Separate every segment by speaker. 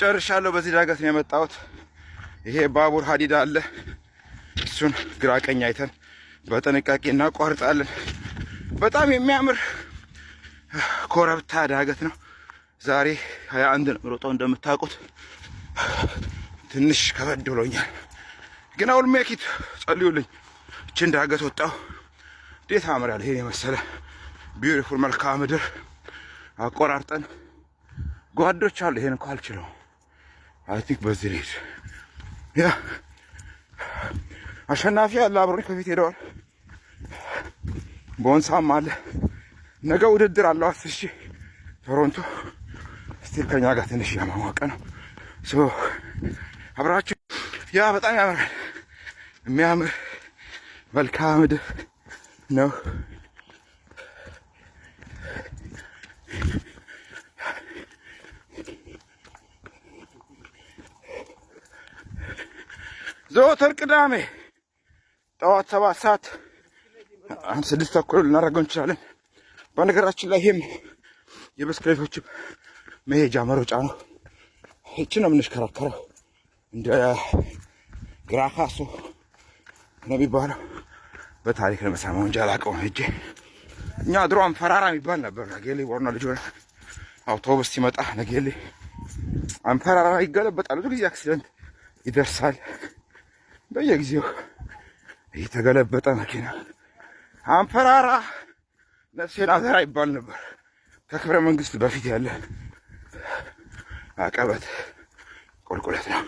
Speaker 1: ጨርሻለሁ። በዚህ ዳገት ነው የመጣሁት። ይሄ ባቡር ሀዲድ አለ። እሱን ግራ ቀኝ አይተን በጥንቃቄ እናቋርጣለን። በጣም የሚያምር ኮረብታ ዳገት ነው። ዛሬ ሀያ አንድ ነው ሮጠው እንደምታውቁት ትንሽ ከበድ ብሎኛል፣ ግን አሁን ሜኪት ጸልዩልኝ። እችን ዳገት ወጣው እንዴት አምራል! ይሄን የመሰለ ቢዩቲፉል መልክዓ ምድር አቆራርጠን ጓዶች አሉ። ይሄን እኮ አልችለው። አይ ቲንክ በዚህ ልሂድ። ያ አሸናፊ አለ አብሮኝ ከፊት ሄደዋል። ቦንሳም አለ። ነገ ውድድር አለዋት። እሺ ቶሮንቶ ስቲል ከኛ ጋር ትንሽ ያማዋቀ ነው። ሶ አብራችሁ ያ በጣም ያምራል። የሚያምር መልካ ምድር ነው። ዘወትር ቅዳሜ ጠዋት ሰባት ሰዓት ስድስት ተኩል ልናደርገው እንችላለን። በነገራችን ላይ ይሄም የብስክሌቶችም መሄጃ መሮጫ ነው። ይቺ ነው የምንሽከራከረው እንደ ግራካሶ ነው የሚባለው። በታሪክ ለመሳመው እንጂ አላውቀውም ሄጄ እኛ ድሮም ፈራራ የሚባል ነበር። ነገሌ ወርና ልጅ ሆነ አውቶቡስ ሲመጣ ነገሌ አንፈራራ ይገለበጣል። ብዙ ጊዜ አክሲደንት ይደርሳል። በየጊዜው የተገለበጠ መኪና አንፈራራ ነፍሴን አዘራ ይባል ነበር። ከክብረ መንግስት በፊት ያለ አቀበት ቁልቁለት ነው።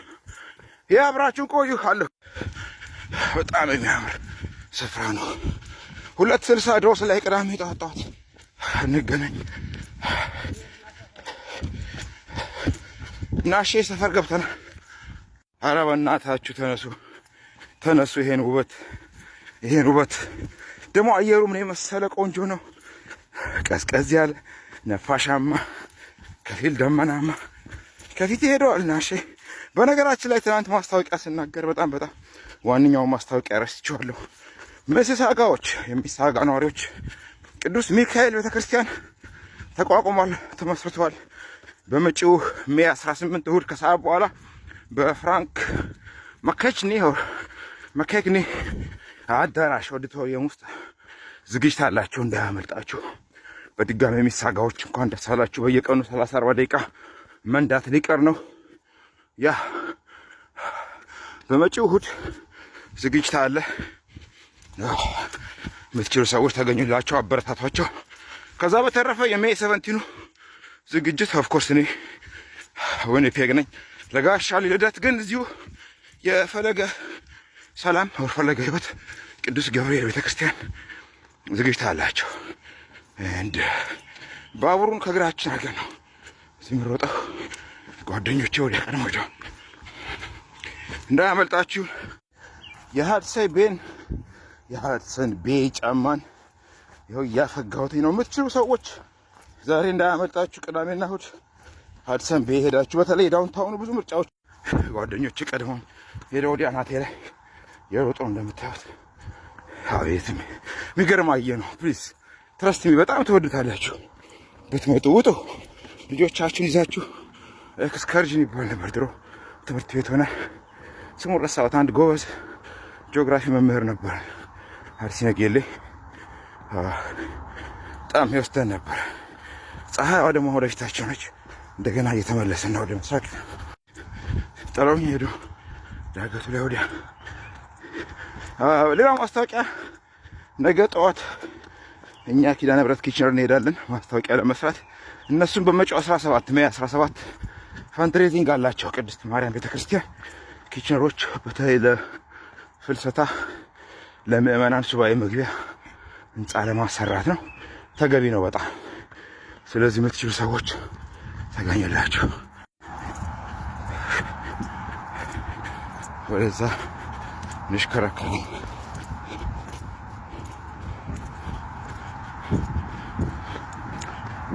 Speaker 1: ይህ አብራችሁን ቆዩ አለሁ። በጣም የሚያምር ስፍራ ነው። ሁለት ስልሳ ድሮስ ላይ ቅዳሜ ጧጧት እንገናኝ እናሼ ሰፈር ገብተናል። አረ በእናታችሁ ተነሱ። ተነሱ። ይሄን ውበት ይሄን ውበት ደግሞ አየሩ ምን የመሰለ ቆንጆ ነው። ቀዝቀዝ ያለ ነፋሻማ፣ ከፊል ደመናማ ከፊት ሄደዋል ናሽ። በነገራችን ላይ ትናንት ማስታወቂያ ስናገር በጣም በጣም ዋነኛውን ማስታወቂያ ረስቼዋለሁ። ምሲሳጋዎች የሚሳጋ ነዋሪዎች ቅዱስ ሚካኤል ቤተክርስቲያን ተቋቁሟል፣ ተመስርቷል። በመጪው ሜይ 18 እሁድ ከሰዓት በኋላ በፍራንክ መከችኒ መካሄድ አዳራሽ ኦዲቶሪየም ውስጥ ዝግጅት አላቸው፣ እንዳያመልጣችሁ። በድጋሚ የሚሳጋዎች እንኳን ደስ አላችሁ። በየቀኑ 30 40 ደቂቃ መንዳት ሊቀር ነው። ያ በመጪው እሑድ ዝግጅት አለ። የምትችሉ ሰዎች ተገኙላቸው፣ አበረታቷቸው። ከዛ በተረፈ የሜይ ሰቨንቲኑ ዝግጅት ኦፍኮርስ እኔ ወይኔ ፔግ ነኝ። ለጋሻ ልደት ግን እዚሁ የፈለገ ሰላም ፈለገ ሕይወት ቅዱስ ገብርኤል ቤተክርስቲያን ዝግጅት አላቸው። እንደ ባቡሩን ከእግራችን አገር ነው እዚህ የምሮጠው። ጓደኞቼ ወደ ቀድሞ ሄደው እንዳያመልጣችሁ። የሀድሰን ቤን የሀድሰን ቤ ጫማን ይኸው እያፈጋሁትኝ ነው። የምትችሉ ሰዎች ዛሬ እንዳያመልጣችሁ። ቅዳሜና እሑድ ሀድሰን ቤ ሄዳችሁ፣ በተለይ ዳውንታውኑ ብዙ ምርጫዎች ጓደኞቼ ቀድሞ ሄደው ወዲያ ናቴ ላይ የሮጦ እንደምታዩት አቤት የሚገርም አየ ነው። ፕሊዝ ትረስት ሚ በጣም ትወዱታላችሁ። ብትመጡ ውጡ፣ ልጆቻችሁን ይዛችሁ ኤክስከርዥን ይባል ነበር ድሮ ትምህርት ቤት ሆነ። ስሙ ረሳሁት። አንድ ጎበዝ ጂኦግራፊ መምህር ነበር አርሲ ነገሌ። በጣም ይወስደን ነበር። ፀሐይዋ ደግሞ ወደፊታቸው ነች። እንደገና እየተመለሰ ነው ወደ ምስራቅ። ጥለውኝ ሄዱ ዳገቱ ላይ ወዲያ ሌላ ማስታወቂያ ነገ ጠዋት እኛ ኪዳነ ብረት ኪችነር እንሄዳለን ማስታወቂያ ለመስራት እነሱን በመጪው 17 ሜይ 17 ፈንትሬዚንግ አላቸው። ቅድስት ማርያም ቤተክርስቲያን ኪችነሮች በተለይ ለፍልሰታ ለምእመናን ሱባኤ መግቢያ ህንፃ ለማሰራት ነው። ተገቢ ነው በጣም ስለዚህ የምትችሉ ሰዎች ተገኙላችሁ ወደዛ ልሽከረከር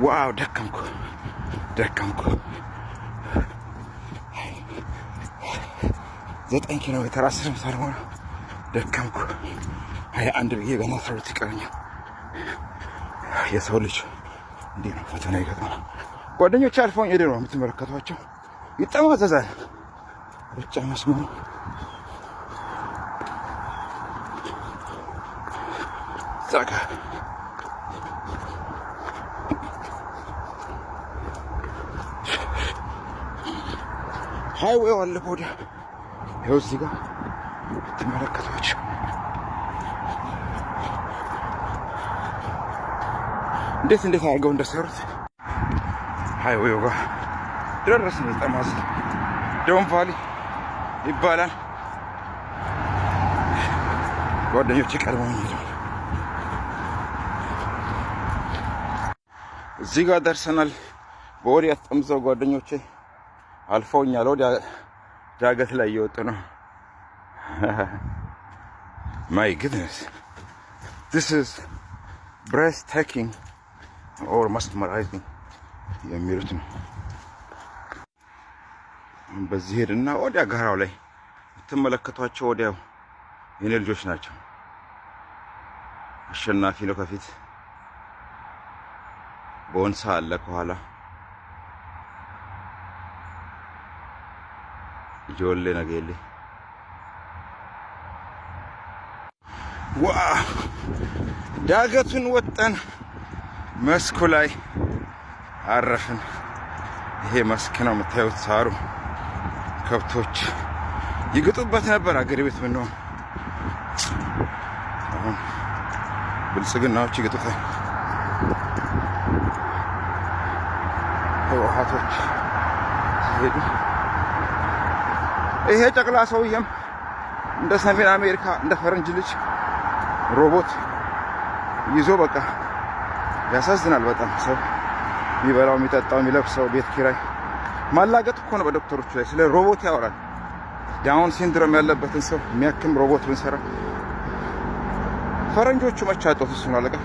Speaker 1: ዋው ደከምኩ ደከምኩ። ዘጠኝ ኪሎ ሜትር አስር ምሳር ሆነ ደከምኩ። ሀያ አንድ ብዬ ገና አስራ ሁለት ይቀረኛል። የሰው ልጅ እንዲህ ነው፣ ፈተና ይገጥመናል። ጓደኞች አልፈውኝ ሄደ ነው የምትመለከቷቸው። ይጠማዘዛል ብቻ መስመሩ Так. ሃይዌው አለ ወዲያ። ይኸው እዚህ ጋር ትመለከቷቸው እንዴት እንዴት አድርገው እንደሰሩት ሀይዌው ጋር ደረስን። ጠማዝ ዶን ቫሊ ይባላል። ጓደኞች ቀድመው ሄደው እዚህ ጋር ደርሰናል። በወዲያ ጠምዘው ጓደኞቼ አልፈውኛል። ወዲ ዳገት ላይ እየወጡ ነው። ማይ ግድነስ ዲስ ኢዝ ብሬስ ቴኪንግ ኦር የሚሉት ነው። በዚህ ሄድና ወዲያ ጋራው ላይ የምትመለከቷቸው ወዲያው የኔ ልጆች ናቸው። አሸናፊ ነው ከፊት ቦንሳ አለ ከኋላ ijoollee ነገሌ ዋው ዳገቱን ወጠን መስኩ ላይ አረፍን። ይሄ መስክ ነው የምታዩት። ሳሩ ከብቶች ይግጡበት ነበር አገር ቤት ምንሆን አሁን ብልጽግናዎች ይግጡታል። ህወሓቶች ሲሄዱ ይሄ ጨቅላ ሰውዬም እንደ ሰሜን አሜሪካ እንደ ፈረንጅ ልጅ ሮቦት ይዞ በቃ ያሳዝናል። በጣም ሰው የሚበላው የሚጠጣው የሚለብሰው ቤት ኪራይ ማላገጥ እኮ ነው። በዶክተሮቹ ላይ ስለ ሮቦት ያወራል። ዳውን ሲንድሮም ያለበትን ሰው የሚያክም ሮቦት ብንሰራ ፈረንጆቹ መቻጦት እሱ ነው አለቃ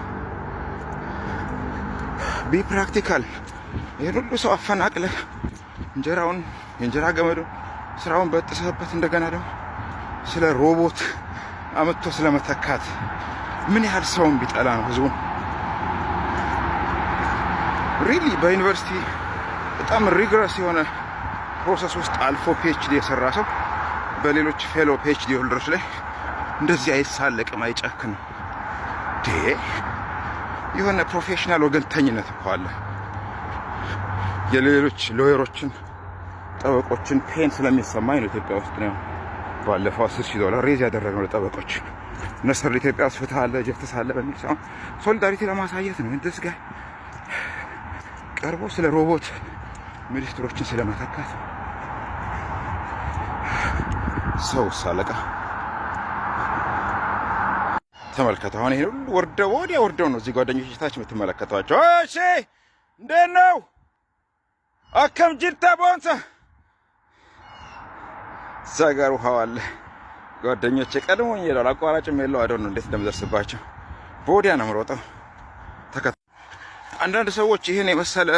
Speaker 1: ቢ ፕራክቲካል ይህን ሁሉ ሰው አፈናቅለህ እንጀራውን የእንጀራ ገመዱ ስራውን በጥሰህበት እንደገና ደግሞ ስለ ሮቦት አመጥቶ ስለመተካት ምን ያህል ሰውን ቢጠላ ነው ህዝቡን። ሪሊ በዩኒቨርሲቲ በጣም ሪግረስ የሆነ ፕሮሰስ ውስጥ አልፎ ፒኤችዲ የሰራ ሰው በሌሎች ፌሎ ፒኤችዲ ሆልደሮች ላይ እንደዚህ አይሳለቅም፣ አይጨክንም። የሆነ ፕሮፌሽናል ወገንተኝነት እኮ አለ። የሌሎች ሎየሮችን ጠበቆችን ፔን ስለሚሰማኝ ነው። ኢትዮጵያ ውስጥ ነው ባለፈው አስር ሺህ ዶላር ሬዝ ያደረግነው ለጠበቆች ነስር ለኢትዮጵያ ውስጥ አለ ጀፍትስ አለ በሚል ሳይሆን ሶሊዳሪቲ ለማሳየት ነው። እንደዚህ ጋር ቀርቦ ስለ ሮቦት ሚኒስትሮችን ስለመተካት ሰው ሳለቃ ተመልከተ። አሁን ይሄ ሁሉ ወርደው ወዲያ ወርደው ነው እዚህ ጓደኞች ታች የምትመለከቷቸው። እሺ እንዴት ነው? አከም ጅርታ boonsa እዛ ጋር ውሃው አለ። ጓደኞቼ ቀድሞ ይሄዳል። አቋራጭም የለው አይደል እንዴት እንደምደርስባቸው በወዲያ ነው የምሮጠው። አንዳንድ ሰዎች ይህን የመሰለ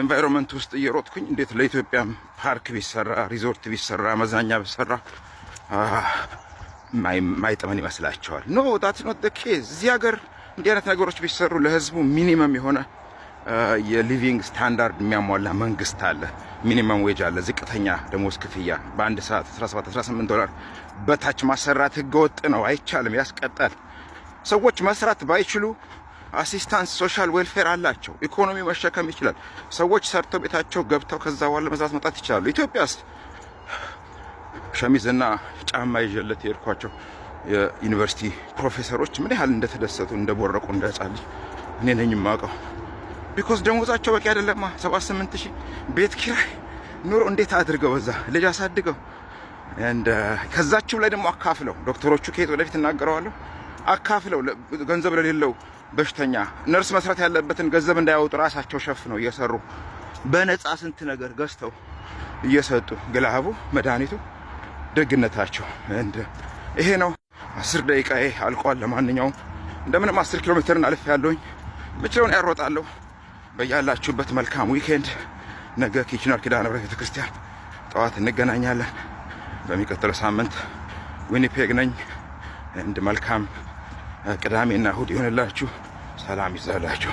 Speaker 1: ኤንቫይሮንመንት ውስጥ እየሮጥኩኝ እንዴት ለኢትዮጵያ ፓርክ ቢሰራ ሪዞርት ቢሰራ መዝናኛ ቢሰራ ማይጠመን ይመስላቸዋል። ኖ ዳት ኖት ኬዝ። እዚህ ሀገር እንዲህ አይነት ነገሮች ቢሰሩ ለህዝቡ ሚኒመም የሆነ የሊቪንግ ስታንዳርድ የሚያሟላ መንግስት አለ። ሚኒመም ዌጅ አለ፣ ዝቅተኛ ደሞዝ ክፍያ በአንድ ሰዓት 17 18 ዶላር በታች ማሰራት ህገወጥ ነው፣ አይቻልም፣ ያስቀጣል። ሰዎች መስራት ባይችሉ አሲስታንስ ሶሻል ዌልፌር አላቸው። ኢኮኖሚ መሸከም ይችላል። ሰዎች ሰርተው ቤታቸው ገብተው ከዛ በኋላ መስራት መጣት ይችላሉ። ኢትዮጵያስ ሸሚዝና ጫማ ይዤለት የሄድኳቸው የዩኒቨርሲቲ ፕሮፌሰሮች ምን ያህል እንደተደሰቱ እንደቦረቁ፣ እንደጻልጅ እኔ ነኝ የማውቀው። ቢኮዝ ደሞዛቸው በቂ አይደለማ። 78 ሺህ ቤት ኪራይ ኑሮ እንዴት አድርገው በዛ ልጅ አሳድገው ከዛችሁ ላይ ደግሞ አካፍለው ዶክተሮቹ ከየት ወደፊት እናገረዋለሁ አካፍለው ገንዘብ ለሌለው በሽተኛ ነርስ መስራት ያለበትን ገንዘብ እንዳያወጡ ራሳቸው ሸፍነው እየሰሩ በነፃ ስንት ነገር ገዝተው እየሰጡ ግላቡ መድኃኒቱ ደግነታቸው ይሄ ነው። አስር ደቂቃዬ አልቋል። ለማንኛውም እንደምንም አስር ኪሎ ሜትርን አልፌ ያለሁኝ ምችለውን ያሮጣለሁ። በያላችሁበት መልካም ዊኬንድ። ነገ ኪችነር ኪዳነምህረት ቤተክርስቲያን ጠዋት እንገናኛለን። በሚቀጥለው ሳምንት ዊኒፔግ ነኝ። እንድ መልካም ቅዳሜና እሁድ ይሆንላችሁ። ሰላም ይዛላችሁ።